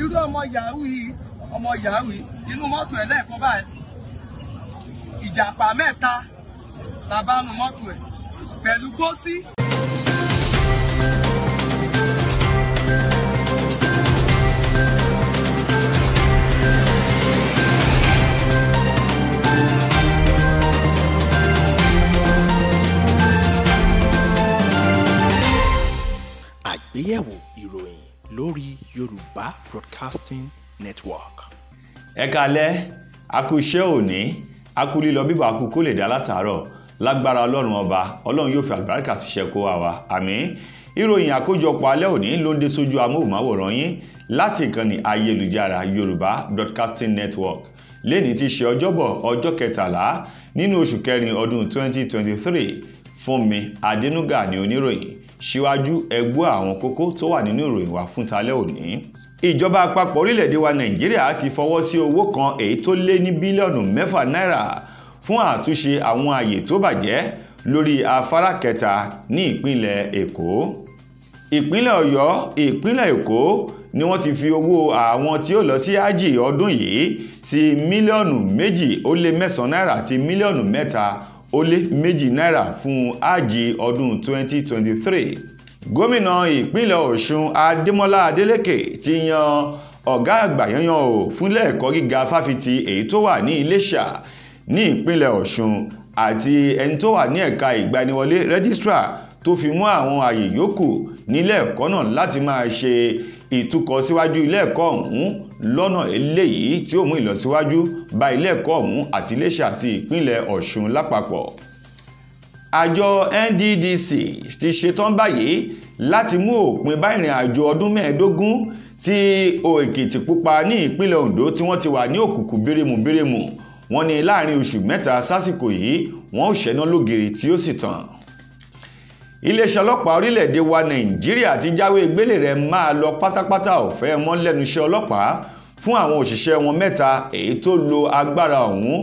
iru ọmọ yahoo yìí ọmọ yahoo yìí inú mọ́tò ẹ̀ lẹ́ẹ̀kan báyìí ìjàpá mẹ́ta la bá nu mọ́tò ẹ̀ pẹ̀lú gbósí. ìròyìn lórí Yorùbá Broadcasting Network. ẹ kalẹ́ a kú iṣẹ́ òní a kú lílọ bíbọ̀ a kú kó lè dá látàárọ̀ lágbára ọlọ́run ọba ọlọ́run yóò fi àlùbáríkà ṣiṣẹ́ kó wa wá àmín ìròyìn àkójọpọ̀ alẹ́ òní ló ń dé sójú amóhùnmáwòrán yín láti ìkànnì ayélujára Yorùbá Broadcasting Network lẹ́ni ti í ṣe ọjọ́bọ̀ ọjọ́ kẹtàlá nínú oṣù kẹrin ọdún 2023 Fúnmi Adénúgà ni oníròyìn síwájú ẹgbọ́ àwọn kókó tó wà nínú ìròyìn wa fún talẹ́ òní. ìjọba àpapọ̀ orílẹ̀-èdè wa nàìjíríà ti fọwọ́ sí owó kan èyí tó lé ní bílíọ̀nù mẹ́fà náírà fún àtúnṣe àwọn ààyè tó bàjẹ́ lórí afárá kẹta ní ìpínlẹ̀ èkó. ìpínlẹ̀ ọ̀yọ́ ìpínlẹ̀ èkó ni wọ́n ti fi owó àwọn tí ó lọ sí ájì ọdún yìí sí mílíọ̀nù méjì ó lé mẹ́sàn-án náírà àti mílíọ̀nù mẹ́ta ó lé méjì náírà fún ájì ọdún 2023 gómìnà ìpínlẹ̀ ọ̀ṣun adémọ́lá adélékè ti yan ọ̀gá àgbà yanyan o fúnlẹ̀ ẹ̀kọ́ gíga fáfitì èyí tó wà ní iléṣà ní ìpínlẹ̀ ọ̀ṣun àti ẹni tó wà ní ẹ̀ka ìgbaniwọlé rẹ́dísítà tó fi mú àwọn àyè yòókù nílé ẹ̀kọ́ náà láti máa ṣe ìtukọ̀ síwájú ilé ẹ̀kọ́ ọ̀hún lọ́nà eléyìí tí ó mú ìlọsíwájú bá ilé ẹ̀kọ́ ọ̀hún àti Iléṣà àti ìpínlẹ̀ Ọ̀ṣun lápapọ̀ àjọ NDDC ti ṣetán báyìí láti mú òpin bá ìrìn àjò ọdún mẹ́ẹ̀ẹ́dógún ti Òkìtìpupa ní ìpínlẹ̀ Ondo tí wọ́n ti wà ní òkùnkùn bírímù bírímù wọ́n ní láàrin oṣù mẹ́ta sásìkò yìí wọ́n ò ṣẹ́ná lógiri tí ó sì tàn iléeṣẹ́ ọlọ́pàá orílẹ̀-èdè wa nàìjíríà ti jáwé gbélé rẹ̀ máa lọ pátápátá ọ̀fẹ́ mọ́ lẹ́nuṣẹ́ ọlọ́pàá fún àwọn òṣìṣẹ́ wọn mẹ́ta èyí tó lo agbára ọ̀hún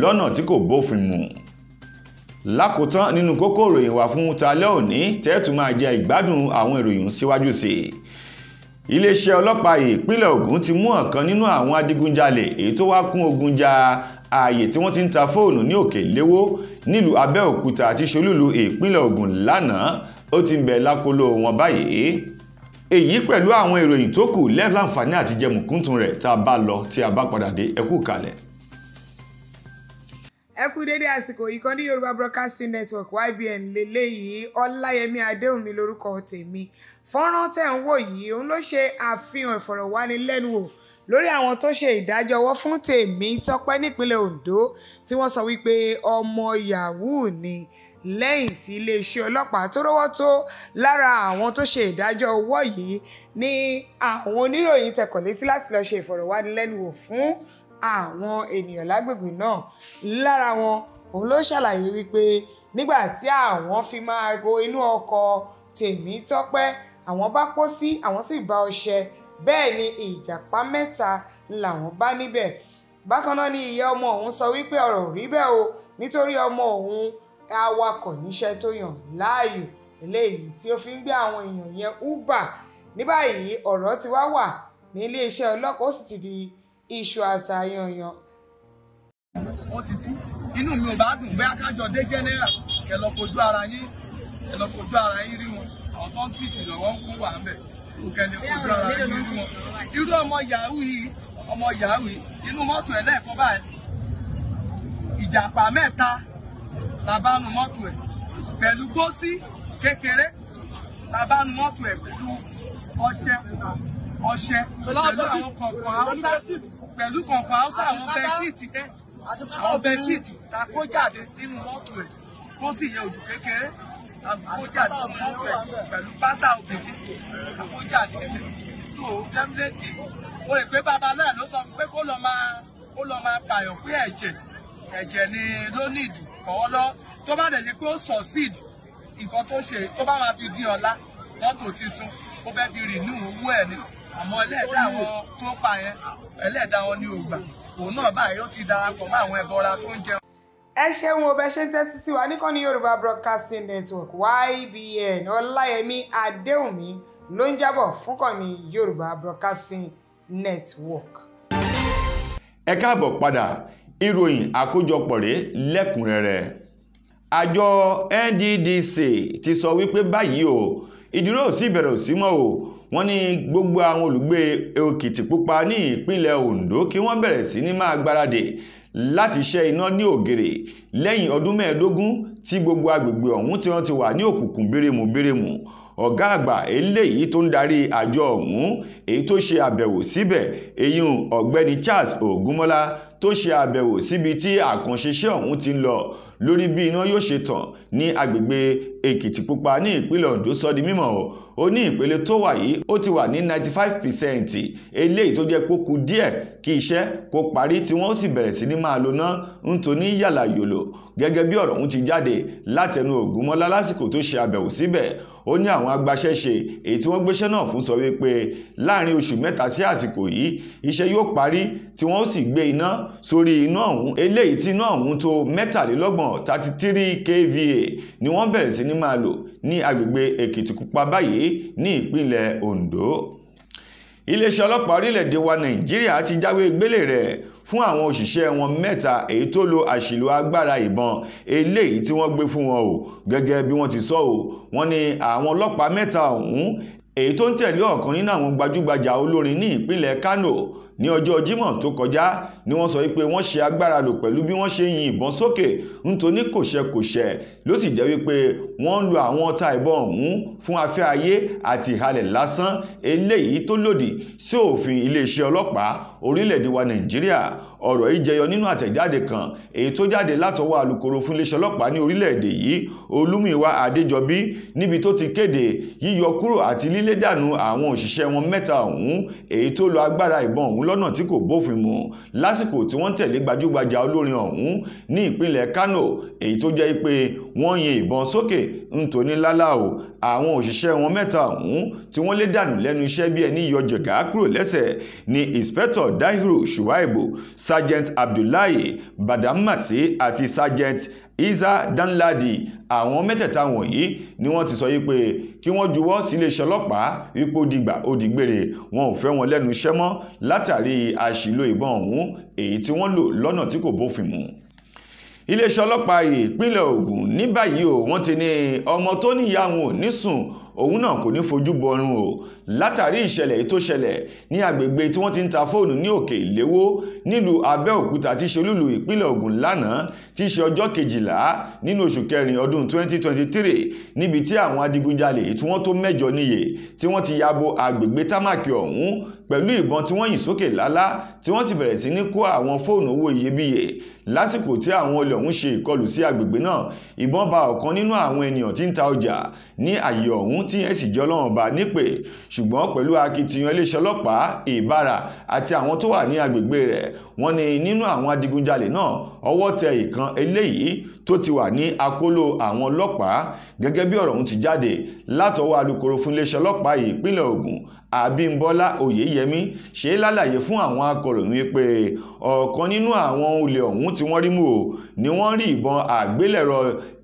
lọ́nà tí kò bófin mu lákòótán nínú kókó ìròyìn wà fún talẹ́ òní tẹ́ẹ̀tù máa jẹ ìgbádùn àwọn ìròyìn síwájú sí i iléeṣẹ́ ọlọ́pàá ìpínlẹ̀ Ògùn ti mú ọ̀kan nínú àwọn adigunjalè èyí tó wá kún ogun ja ààyè tí wọ́n ti ń ta fóònù ní òkè léwó nílùú Abẹ́òkúta àti Ṣolúlú ìpínlẹ̀ Ògùn lánàá ó ti ń bẹ lákòlò wọn báyìí èyí pẹ̀lú àwọn ìròyìn tó kù lẹ́ẹ̀láǹfààní àti jẹmùkúntùn rẹ̀ tá a bá lọ tí a bá padà dé ẹkú kalẹ̀. ẹ kú dédé àsìkò ìkànnì Yorùbá Broadcasting Network YBN lélẹ́yìí Ọláyẹmí Adéhùnmi lórúkọ tèmi fọ́nrán tẹ̀ ń wò yìí òun ló ṣe àfihàn ìfọ̀rọ̀wánilẹ́nuwò lórí àwọn tó ṣe ìdájọ́ ọwọ́ fún tèmi tọ́pẹ́ nípínlẹ̀ Ondo tí wọ́n sọ wípé ọmọ yahoo ni lẹ́yìn tí iléeṣẹ́ ọlọ́pàá tó rọ́wọ́ tó lára àwọn tó ṣe ìdájọ́ ọwọ́ yìí ni àwọn oníròyìn tẹ̀kọ̀ létí láti lọ́ọ́ ṣe ìfọ̀rọ̀wánilẹ́nuwò fún àwọn ènìyàn lágbègbè náà lára wọn òun ló ṣàlàyé wípé nígbà tí àwọn fi máa go inú ọkọ̀ tèmi tọ́pẹ́ àwọn bá pọ́ sí àwọn sì bá ọṣẹ bẹ́ẹ̀ ni ìjàpá mẹ́ta làwọn bá níbẹ̀ bákan náà ni ìyá ọmọ òun sọ wípé ọ̀rọ̀ rí bẹ́ẹ̀ o nítorí ọmọ òun awakọ̀ níṣẹ́ tó yàn láàyò eléyìí tí ó fi ń gbé àwọn èèyàn yẹn uber ní báyìí ọ̀rọ̀ ti wá wà ní iléeṣẹ́ ọlọ́pàá ó sì ti di iṣu àtàyànyàn. ó ti kú inú mi ò bá dùn bẹ́ẹ̀ kájọ dé jẹ́nẹ́rà kẹ lọ ara yín kẹ lọ ara yín rí wọn àwọn tó ń tìtì lọ́wọ́ ń kó wà ń bẹ̀ nkẹlẹ fojú ara yín rí wọn irú ọmọ yahoo yìí ọmọ yahoo yìí inú mọ́tò ẹ̀ lẹ́ẹ̀kan báyìí ìjàpá mẹ́ta la bá nu mọ́tò ẹ̀ pẹ̀lú gbósí kékeré la bá nu mọ́tò ẹ̀ pẹ̀lú ọṣẹ ọṣẹ pẹ̀lú àwọn kọ̀ọ̀kan haúsá pẹ̀lú kọ̀ọ̀kan haúsá àwọn bẹ́síìtì tẹ́ àwọn bẹ́síìtì ta kó jáde nínú mọ́tò ẹ̀ kó sì yẹ òjò kékeré àkójà tó mú bẹ̀ pẹ̀lú pátá obìnrin àkójà tẹ̀lé tó dẹ́mílẹ́tì mo rè pé bàbá náà ló sọ pé kó lọ máa kó lọ máa pààyàn pé ẹ̀jẹ̀ ẹ̀jẹ̀ ni ló nídìí kọ́ọ́ lọ tó bá dẹ̀ yẹ pé ó succeed nǹkan tó ṣe tó bá máa fi di ọ̀la mọ́tò tuntun ó fẹ́ fi rìnú owó ẹ̀ ni àmọ́ ẹlẹ́ẹ̀dá wọn tó pa yẹn ẹlẹ́ẹ̀dá wọn ni ò gbà òun náà báyìí ó ti darapọ̀ mọ́ àwọn ẹbọra tó ń jẹun ẹ ṣeun o bẹ ṣe ń tẹ́tí sí wa níkànnì yorùbá broadcasting network ybn ọláyẹmí adéwùmí ló ń jábọ̀ fúnkànnì yorùbá broadcasting network. ẹ káàbọ̀ padà ìròyìn àkójọpọ̀ rèé lẹ́kùnrẹ́rẹ́ àjọ NDDC ti sọ wípé báyìí o ìdúró sí ìbẹ̀rẹ̀ òsì mọ́ o wọ́n ní gbogbo àwọn olùgbé òkìtìpupa ní ìpínlẹ̀ Ondo kí wọ́n bẹ̀rẹ̀ sí ní máa gbáradì láti ṣẹ́ iná ní ògèrè lẹ́yìn ọdún mẹ́ẹ̀ẹ́dógún tí gbogbo agbègbè ọ̀hún tí wọ́n ti wà ní òkùnkùn bérèmù bérèmù ọ̀gá àgbà eléyìí tó ń darí àjọ ọ̀hún èyí tó ṣe àbẹ̀wò síbẹ̀ eyín ọ̀gbẹ́ni Charles Ògúnmọ́lá tó ṣe àbẹ̀wò síbi tí àkànṣeṣẹ́ ọ̀hún ti ń lọ lórí bí iná yóò ṣe tàn ní agbègbè Èkìtìpupa ní ìpínlẹ̀ Ondo sọ di mímọ̀ ó ní ìpele tó wà yìí ó ti wà ní ninety five percent eléyìí tó jẹ́ pé ó kù díẹ̀ kí iṣẹ́ kó parí tí wọ́n sì bẹ̀rẹ̀ sí ní máa lo ná ń toni yàlà yòlò gẹ́gẹ́ bí ọ̀rọ̀ ọ̀hún ti jáde látẹnu Ògúnmọ́lá lásìkò tó ṣe àbẹ̀wò síbẹ̀ ó ní àwọn agbaṣẹ́ṣe èyí tí wọ́n gbéṣẹ́ náà fún sọ wípé láàrin oṣù mẹ́ta sí àsìkò yìí iṣẹ́ yóò parí tí wọ́n ó sì gbé iná sórí iná ọ̀hún eléyìí tí iná ọ̀hún tó mẹ́tàlélọ́gbọ̀n thirty three kva ni wọ́n bẹ̀rẹ̀ sí ní máa lò ní agbègbè Èkìtìpupa báyìí ní ìpínlẹ̀ Ondo iléeṣẹ́ ọlọ́pàá orílẹ̀-èdè wa Nàìjíríà ti jáwé gbélé rẹ̀ fún àwọn òṣìṣẹ́ wọn mẹ́ta èyí tó lo àṣìlò agbára ìbọn eléyìí tí wọ́n gbé fún wọn o gẹ́gẹ́ bí wọ́n ti sọ o wọ́n ní àwọn ọlọ́pàá mẹ́ta ọ̀hún èyí tó ń tẹ̀lé ọ̀kan nínú àwọn gbajúgbajà olórin ní ìpínlẹ̀ Kano ní ọjọ́ Jímọ̀ tó kọjá ni wọ́n sọ wípé wọ́n ṣe agbára lò pẹ̀lú bí wọ́n ṣe yin ìbọn sókè nítorí kòṣẹkòṣẹ ló sì jẹ́ wípé wọ́n ń lo àwọn ọta ìbọn ọ̀hún fún afẹ́ ayé àti ìhalẹ̀ lásán eléyìí tó lòdì sí òfin iléeṣẹ́ ọlọ́pàá orílẹ̀-èdè wa nàìjíríà ọ̀rọ̀ yìí jẹyọ nínú àtẹ̀jáde kan èyí tó jáde látọwọ́ alukoro fún iléeṣẹ́ ọlọ́pàá ní orílẹ̀-èdè yìí olúmúyìwá adéjọbí níbi tó ti kéde yíyọ kúrò àti lílé dànù àwọn òṣìṣẹ́ wọn mẹ́ta ọ̀hún èyí tó lo agbára ìbọn ọ̀hún lọ́nà tí kò bófin mu lásìkò tí wọ́n tẹ̀lé gbajúgbajà olórin ọ̀hún ní ìpínlẹ̀ kano èyí tó jẹ́ pé wọ́n yin ìbọn sókè ńtòní lálàó àwọn òṣìṣẹ́ wọn mẹ́ta ọ̀hún tí wọ́n lé dànù lẹ́nu iṣẹ́ bí ẹni yọ jẹ̀gá kúrò lẹ́sẹ̀ ni inspector dahiru shuaibu sergeant abdullahi badamasi àti sergeant isa danladi àwọn mẹ́tẹ̀ẹ̀ta wọ̀nyí ni wọ́n ti sọ yí pé kí wọ́n juwọ́ sí iléeṣẹ́ ọlọ́pàá wípé ó dìgbà ó dìgbére wọn ò fẹ́ wọn lẹ́nu iṣẹ́ mọ́ látàrí àṣìlò ìbọn ọ̀hún èyí tí wọ́n lò lọ́nà tí kò bófin mu iléeṣẹ́ ọlọ́pàá ìpínlẹ̀ Ògùn ní báyìí o wọ́n ti ní ọmọ tó níyà wọn ò ní sùn òun náà kò ní fojú bọrun o látàrí ìṣẹ̀lẹ̀ èyí tó ṣẹlẹ̀ ní agbègbè tí wọ́n ti ń ta fóònù ní òkè ìléwó nílùú Abẹ́òkúta tí ṣe olúlu ìpínlẹ̀ Ògùn lánàá tí ṣe ọjọ́ kejìlá nínú oṣù kẹrin ọdún 2023 níbi tí àwọn adigunjalè tí wọ́n tó mẹ́jọ níye tí wọ́n ti ya bo agbègbè támàkì ọ̀hún pẹ̀lú ìbọn tí wọ́n yìn sókè lálá tí wọ́n sì bẹ̀rẹ̀ sí ní kó àwọn fóònù owó iyebíye lásìkò tí àwọn olè ọ̀hún ṣe ìkọlù sí agbègbè náà ìbọn ba ọ̀kan nínú àwọn ènìyàn tí ń ta ọjà ní àyè ọ̀hún tí yẹn sì jẹ́ ọlọ́run ba nípè ṣùgbọ́n pẹ̀lú akitiyan iléeṣẹ́ ọlọ́pàá ìbára àti àwọn tó wà ní agbègbè rẹ̀ wọ́n ní nínú àwọn adigunjalè náà ọwọ́ tẹ ìkan eléyìí tó ti wà ní akóló àwọn ọlọ́pàá gẹ́gẹ́ bí ọ̀rọ̀ ọ̀hún ti jáde látọwọ́ alukoro fún iléeṣẹ́ ọlọ́pàá ìpínlẹ̀ Ògùn abímbọ́lá oyèyẹmí ṣe lálàyé fún àwọn akọ̀ròyìn wípé ọ̀kan nínú àwọn olè ọ̀hún tí wọ́n rí mú o ni wọ́n rí ìbọn àgbélẹ̀rọ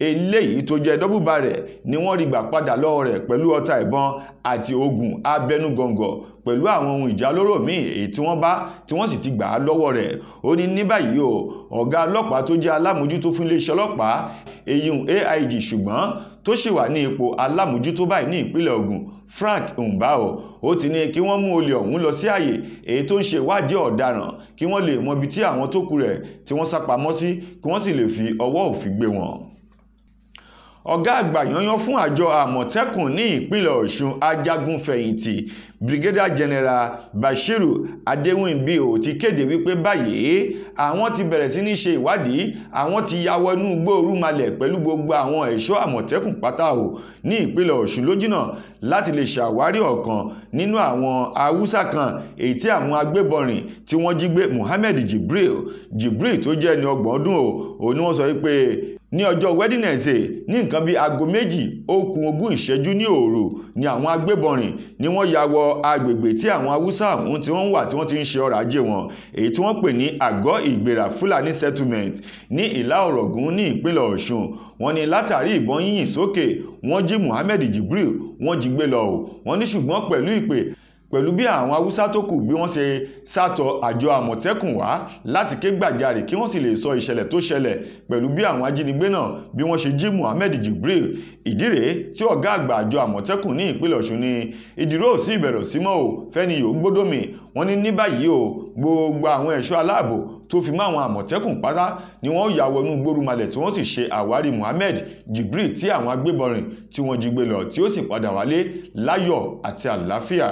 eléyìí tó jẹ́ dọ́bùbà rẹ̀ ni wọ́n rí gbà padà lọ́wọ́ rẹ̀ pẹ̀lú ọta ìbọn àti oògùn abẹnugọ̀ngọ̀ pẹ̀lú àwọn ohun ìjálóró míì èyí tí wọ́n bá tí wọ́n sì ti gbà á lọ́wọ́ rẹ̀ ó ní ní báyìí o ọ̀gá ọlọ́pàá tó jẹ́ alámòjútó fún iléeṣẹ́ ọlọ́pàá eyín AIG ṣùgbọ́n tó sì wà ní ipò alámòjútó báyìí ní ìpínlẹ̀ Ògùn Frank Mbao ó ti ní kí wọ́n mú olè ọ̀hún lọ sí àyè èyí tó ń ṣe ìwádìí ọ̀daràn kí wọ́n lè mọ tí àwọn tó kù rẹ̀ tí wọ́n sá sí kí wọ́n sì lè fi ọwọ́ òfin gbé wọn ọ̀gá àgbà yanyan fún àjọ àmọ̀tẹ́kùn ní ìpínlẹ̀ ọ̀ṣun ajagunfẹ̀yìntì brigadier general bashiru adéwìnbíò ti kéde wípé báyìí àwọn ti bẹ̀rẹ̀ sí ní ṣe ìwádìí àwọn ti ya wọnú igbó orúmalẹ̀ pẹ̀lú gbogbo àwọn ẹ̀ṣọ́ àmọ̀tẹ́kùn pátá o ní ìpínlẹ̀ ọ̀ṣun lójúnà láti lè ṣàwárí ọ̀kan nínú àwọn haúsá kan èyí tí àwọn agbébọn rìn tí wọ́n jí gbé muhammed jibril jibril tó jẹ́ ẹni ọgbọ̀n ọdún o òun ni wọ́n sọ wípé ní ọjọ́ wednesday ní nǹkan bíi aago méjì ó kù ogún ìṣẹ́jú ní òru ni àwọn agbébọnrin ni wọ́n ya wọ agbègbè tí àwọn haúsá ọ̀hún tí wọ́n wà tí wọ́n ti ń ṣe ọrọ̀ ajé wọn èyí tí wọ́n pè ní àgọ́ ìgbéra fúlàní settlement ní ìlà ọ̀rọ̀gùn ní ìpínlẹ̀ ọ̀ṣun wọ́n ní látàrí ìbọn yíyìn sókè wọ́n jí muhammed jibril wọ́n jí gbé lọ o ní ṣùgbọ́n pẹ̀lú ìpè pẹ̀lú bí àwọn haúsá tó kù bí wọ́n ṣe sátọ àjọ àmọ̀tẹ́kùn wá láti ké gbàjarè kí wọ́n sì lè sọ ìṣẹ̀lẹ̀ tó ṣẹlẹ̀ pẹ̀lú bí àwọn ajínigbé náà bí wọ́n ṣe jí Muhammed Jibril ìdí rèé tí ọ̀gá àgbà àjọ àmọ̀tẹ́kùn ní ìpínlẹ̀ Ọ̀ṣun ni ìdúró sí ìbẹ̀rẹ̀ símọ́ ò fẹ́ni yòó gbódòmì wọ́n ní ní báyìí o gbogbo àwọn ẹ̀ṣọ́ aláàbò tó fi mọ́ àwọn àmọ̀tẹ́kùn pátá ni wọ́n yà wọnú gbórumalẹ̀ tí wọ́n sì ṣe àwárí Muhammed Jibril tí àwọn agbébọnrin tí wọ́n jí gbé lọ tí ó sì padà wálé láyọ̀ àti àlàáfíà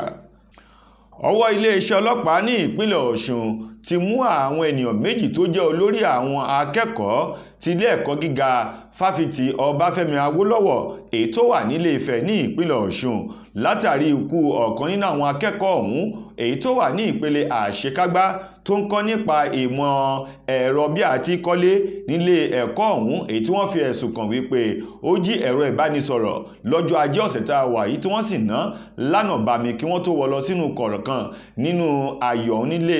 ọwọ́ iléeṣẹ́ ọlọ́pàá ní ìpínlẹ̀ ọ̀ṣun ti mú àwọn ènìyàn méjì tó jẹ́ olórí àwọn akẹ́kọ̀ọ́ tilé ẹ̀kọ́ gíga fáfitì ọbáfẹ́mi awólọ́wọ̀ èyí tó wà nílé ifẹ̀ ní ìpínlẹ̀ ọ̀ṣun látàrí ikú ọ̀kan nínú àwọn akẹ́kọ̀ọ́ ọ̀hún èyí tó wà ní ìpele àṣekágbá tó ń kọ́ nípa ìmọ̀ ẹ̀rọ bí àti kọ́lé nílé ẹ̀kọ́ ọ̀hún èyí tí wọ́n fi ẹ̀sùn kàn wípé ó jí ẹ̀rọ ìbánisọ̀rọ̀ lọ́jọ́ ajé ọ̀sẹ̀ tá a wà yìí tí wọ́n sì ná lánàá bàmí kí wọ́n tó wọ lọ sínú kọ̀rọ̀ kan nínú ayọ̀ ọ̀hún nílé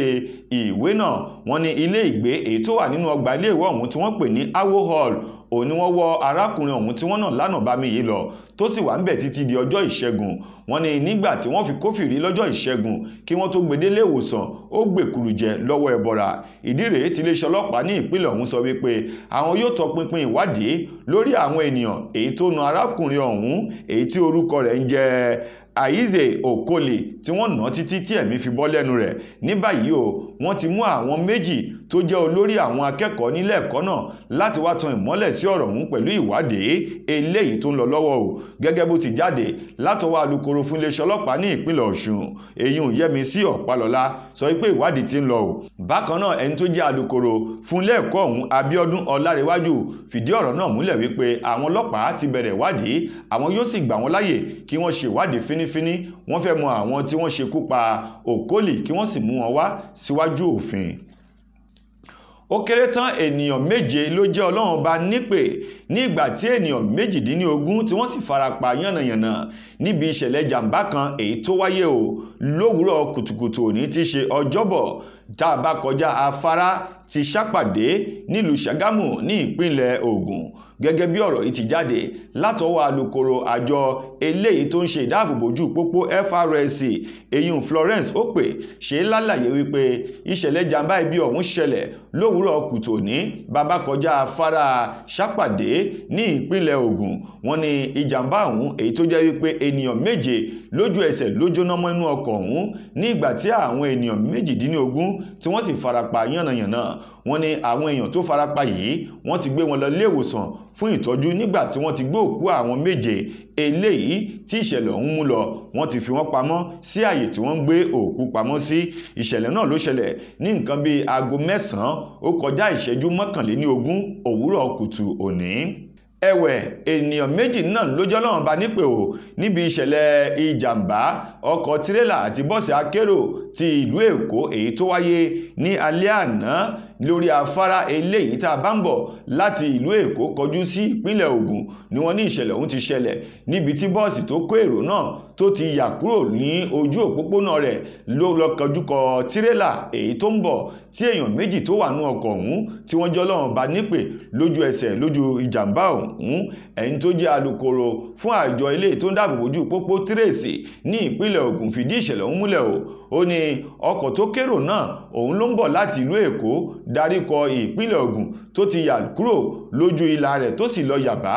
ìwé náà wọ́n ní ilé ìgbé èyí tó wà nínú ọgbà iléèwé ọ̀hún tí wọ́n pè ní awo hall òun ni wọ́n wọ arákùnrin ọ̀hún tí wọ́n nà lánàá bá mi yìí lọ tó sì wà ń bẹ̀ títí di ọjọ́ ìṣẹ́gun wọ́n ní nígbà tí wọ́n fi kófìrí lọ́jọ́ ìṣẹ́gun kí wọ́n tó gbedélé ìwòsàn ó gbèkúrú jẹ lọ́wọ́ ẹbọra ìdí rèé tí iléeṣẹ́ ọlọ́pàá ní ìpínlẹ̀ ọ̀hún sọ wípé àwọn yóò tọpinpin ìwádìí lórí àwọn ènìyàn èyí tó na arákùnrin ọ̀hún èyí tí orúkọ rẹ̀ ń jẹ́ Aize Okoli tí wọ́n nà títí tí ẹ̀mí fi bọ́ lẹ́nu rẹ̀ ní báyìí o wọ́n ti mú àwọn méjì tó jẹ́ olórí àwọn akẹ́kọ̀ọ́ nílé ẹ̀kọ́ náà láti wá tan ìmọ́lẹ̀ sí ọ̀rọ̀ ọ̀hún pẹ̀lú ìwádìí eléyìí tó ń lọ lọ́wọ́ o gẹ́gẹ́ bó ti jáde látọwọ́ alukoro fún iléeṣẹ́ ọlọ́pàá ní ìpínlẹ̀ ọ̀ṣun èyun yẹmísí ọ̀pálọ́lá sọ pé ìwádìí ti ń lọ o bákan náà ẹni tó jẹ́ alukoro fún ilé ẹ̀kọ́ ọ̀hún abiodun ọlárẹ̀wájú fìdí ọ̀rọ̀ náà múlẹ̀ wípé àwọn ọlọ́pàá ti bẹ̀rẹ̀ ìwádìí àwọn yóò sì gbà wọ́n láàyè kí wọ́n ṣe ìwádìí fínífíní wọ́n fẹ́ mọ àwọn tí wọ́n ṣekú pa òkólì kí wọ́n sì mú wọn wá síwájú òfin ó kéré tán ènìyàn méje ló jẹ́ ọlọ́run ọba nípè ní ìgbà tí ènìyàn méjìdínlógún tí wọ́n sì farapa yánnayànna níbi ìṣẹ̀lẹ̀ jàǹbá kan èyí tó wáyé o lówùúrọ̀ kùtùkùtù òní ti ṣe ọjọ́bọ̀ tá a bá kọjá afárá ti ṣàpàdé nílùú Ṣàgámù ní ìpínlẹ̀ Ògùn gẹ́gẹ́ bí ọ̀rọ̀ yìí ti jáde látọwọ́ alukoro àjọ eléyìí tó ń ṣe ìdáàbòbò pópó FRSC eyín Florence Ope ṣe lálàyé wípé ìṣẹ̀lẹ̀ jàǹbá ibi ọ̀hún ṣẹlẹ̀ lówùúrọ̀ kùtò ní babakọjá afárá ṣàpàdé ní ìpínlẹ̀ Ògùn wọ́n ní ìjàǹbá ọ̀hún èyí tó jẹ́ wípé ènìyàn méje lójú ẹsẹ̀ ló jóná mọ́ inú ọkọ̀ ọ̀hún ní ìgbà tí àwọn ènìyàn méjìdínlógún tí wọ́n sì farapa yánnayànna wọ́n ní àwọn èèyàn tó farapa yìí wọ́n ti gbé wọn lọ iléèwòsàn fún ìtọ́jú nígbà tí wọ́n ti gbé òkú àwọn méje eléyìí tí ìṣẹ̀lẹ̀ ọ̀hún mú lọ wọ́n ti fi wọ́n pamọ́ sí àyè tí wọ́n ń gbé òkú pamọ́ sí ìṣẹ̀lẹ̀ náà ló ṣẹlẹ̀ ní nǹkan bíi aago mẹ́sàn-án ó kọjá ìṣẹ́jú mọ́kànléníogún òwúrọ̀ kùtù òní ẹ̀wẹ̀ ènìyàn méjì náà lójọ́ lọ́wọ́n bá nípè o níbi ìṣẹ̀lẹ̀ ìjàmbá ọkọ̀ tirẹ́là àti bọ́ọ̀sì akérò ti ìlú èkó èyí tó wáyé ní alẹ́ àná lórí afárá eléyìí tá a bá ń bọ̀ láti ìlú èkó kọjú sí ìpínlẹ̀ ògùn ni wọ́n ní ìṣẹ̀lẹ̀ ọ̀hún ti ṣẹlẹ̀ níbi tí bọ́ọ̀sì tó kó èrò náà tó ti yà kúrò ní ojú òpópónà rẹ̀ ló lọ kọjúkọ tirẹ́là èyí tó ń bọ̀ tí èèyàn méjì tó wà nú ọkọ̀ ọ̀hún tí wọ́n jọ lọ́rùn bá nípè lójú ẹsẹ̀ lójú ìjàmbá ọ̀hún ẹni tó jẹ́ alukoro fún àjọ ilé tó ń dáàbò bójú pópó tírèsì ní ìpínlẹ̀ ògùn fìdí ìṣẹ̀lẹ̀ ọ̀hún múlẹ̀ o ó ní ọkọ̀ tó kérò náà òun ló ń bọ̀ láti ìlú èkó daríkọ ìpínlẹ̀ ògùn tó ti yà kúrò lójú ìlà rẹ̀ tó sì lọ yàbá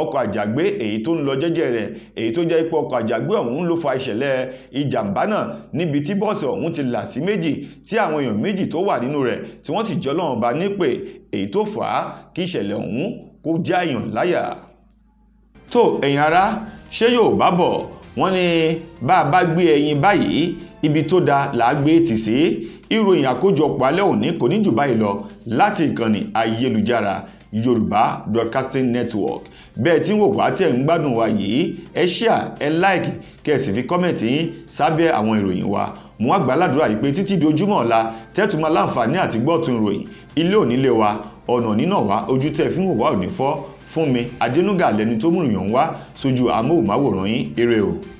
ọkọ̀ àjàgbé èyí tó ń lọ jẹ́jẹ́ rẹ̀ èyí tó jẹ́ ipò ọkọ̀ àjàgbé ọ̀hún ló fa ìṣẹ̀lẹ̀ ìjàmbá náà níbi tí bọ́ọ̀sì ọ̀hún ti là sí méjì tí àwọn èèyàn méjì tó wà nínú rẹ̀ tí wọ́n sì jọlọ́run wọ́n ní bá a bá gbé ẹyin báyìí ibi tó da làágbé ètì sí ìròyìn àkójọpọ̀ alẹ́ òní kò ní jù báyìí lọ láti ìkànnì ayélujára yorùbá broadcasting network bẹ́ẹ̀ tí ń wò wá tẹ̀ ń gbádùn wa yìí ẹ ṣíà ẹ láìkì kẹ́ ẹ sì fi kọ́mẹ̀tì yín sábẹ́ àwọn ìròyìn wa mú àgbàládùra yìí pé títí di ojúmọ́ ọ̀la tẹ́tùmọ́ láǹfààní àti gbọ́tun ìròyìn ilé onílé wa ọ̀nà nínà wá ojú tẹ́ fi ń wò wá òní fọ́ fún mi adẹnuga lẹni tó múrùyàn wá sójú amóhùnmáwòrán yín eré o.